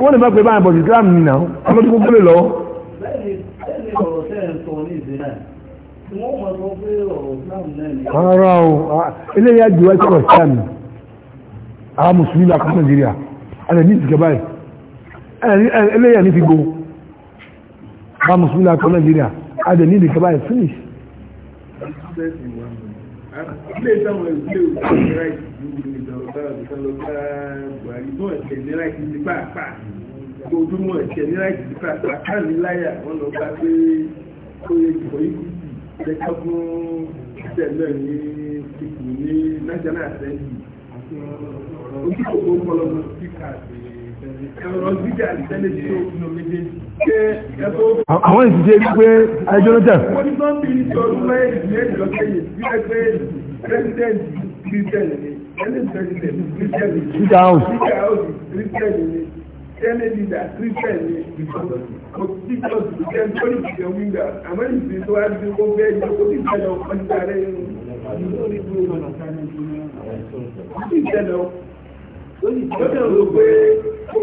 wọ́n lè má pe báyìí bọ̀dì islam ni nà ọlọ́dún gbogbo lè lọ. rárá o eléyà jù wáyé kọ́ ọ̀sán mi àwọn mùsùlùmí làkọ́ nàìjíríà alẹ́ ní ìsìnkẹ́ báyìí ẹlẹ́yà ní fi gbogbo bá musulmi lákọ Nàìjíríà adẹ̀ ní ìdíkẹ́ báyìí finish ojúmọ̀ ẹ̀ṣẹ̀ ní láìsí ti sí káàkiri àwọn ìsìnkú ẹgbẹ́ pé ẹjọ́ ló tẹ̀. wọ́n ní sọ́ńdì ní ọdún mẹ́rin lẹ́yìn ọ̀kẹ́yìn bí ẹgbẹ́ pẹ́sidẹ́ntì kírísítẹ́nì ni ẹni pẹ́sidẹ́ntì kírísítẹ́nì ni títà áùsì kírísítẹ́nì ni ẹni dídà kírísítẹ́nì ni kò tí kò tí kẹ́ tó ní ìṣẹ̀ wíńgà àmọ́ ìsìn tó wá di ó bẹ́ẹ̀ jẹ́ kó tí ìṣẹ̀lẹ̀ ọkọ̀ nígbà rẹ̀ yẹn lórí ìṣẹ̀lẹ̀ ọkọ̀